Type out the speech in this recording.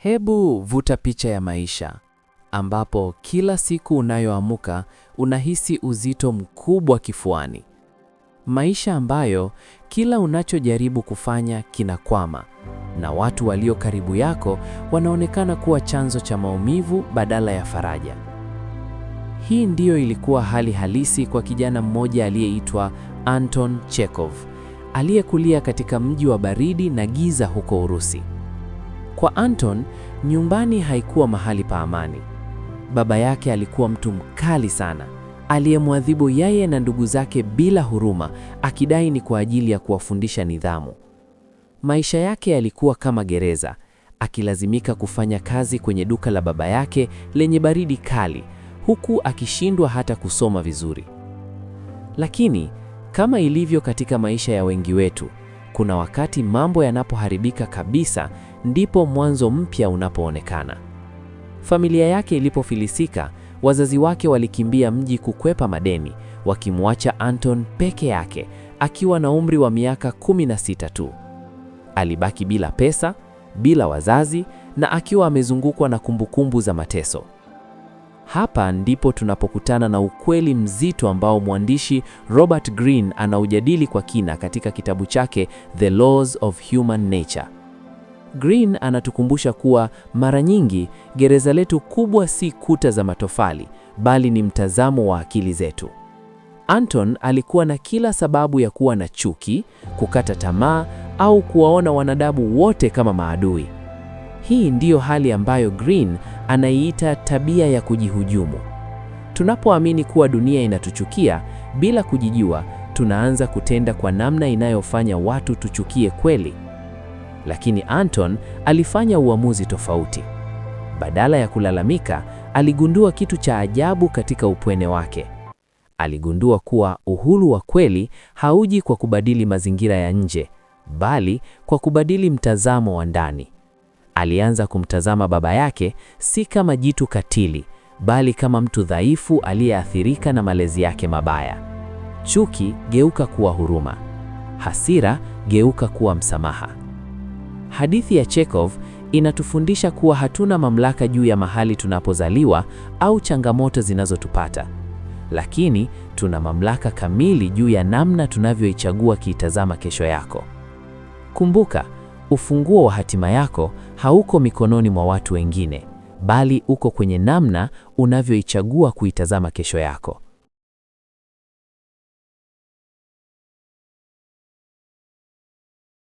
Hebu vuta picha ya maisha ambapo kila siku unayoamka unahisi uzito mkubwa kifuani. Maisha ambayo kila unachojaribu kufanya kinakwama na watu walio karibu yako wanaonekana kuwa chanzo cha maumivu badala ya faraja. Hii ndiyo ilikuwa hali halisi kwa kijana mmoja aliyeitwa Anton Chekhov, aliyekulia katika mji wa baridi na giza huko Urusi. Kwa Anton, nyumbani haikuwa mahali pa amani. Baba yake alikuwa mtu mkali sana, aliyemwadhibu yeye na ndugu zake bila huruma, akidai ni kwa ajili ya kuwafundisha nidhamu. Maisha yake yalikuwa kama gereza, akilazimika kufanya kazi kwenye duka la baba yake lenye baridi kali, huku akishindwa hata kusoma vizuri. Lakini kama ilivyo katika maisha ya wengi wetu, kuna wakati mambo yanapoharibika kabisa ndipo mwanzo mpya unapoonekana. Familia yake ilipofilisika, wazazi wake walikimbia mji kukwepa madeni, wakimwacha Anton peke yake akiwa na umri wa miaka 16 tu. Alibaki bila pesa, bila wazazi na akiwa amezungukwa na kumbukumbu za mateso. Hapa ndipo tunapokutana na ukweli mzito ambao mwandishi Robert Greene anaujadili kwa kina katika kitabu chake The Laws of Human Nature. Green anatukumbusha kuwa mara nyingi gereza letu kubwa si kuta za matofali, bali ni mtazamo wa akili zetu. Anton alikuwa na kila sababu ya kuwa na chuki, kukata tamaa au kuwaona wanadamu wote kama maadui. Hii ndiyo hali ambayo Green anaiita tabia ya kujihujumu. Tunapoamini kuwa dunia inatuchukia bila kujijua, tunaanza kutenda kwa namna inayofanya watu tuchukie kweli lakini Anton alifanya uamuzi tofauti. Badala ya kulalamika, aligundua kitu cha ajabu katika upweke wake. Aligundua kuwa uhuru wa kweli hauji kwa kubadili mazingira ya nje, bali kwa kubadili mtazamo wa ndani. Alianza kumtazama baba yake si kama jitu katili, bali kama mtu dhaifu aliyeathirika na malezi yake mabaya. Chuki geuka kuwa huruma, hasira geuka kuwa msamaha. Hadithi ya Chekhov inatufundisha kuwa hatuna mamlaka juu ya mahali tunapozaliwa au changamoto zinazotupata, lakini tuna mamlaka kamili juu ya namna tunavyoichagua kiitazama kesho yako. Kumbuka, ufunguo wa hatima yako hauko mikononi mwa watu wengine, bali uko kwenye namna unavyoichagua kuitazama kesho yako.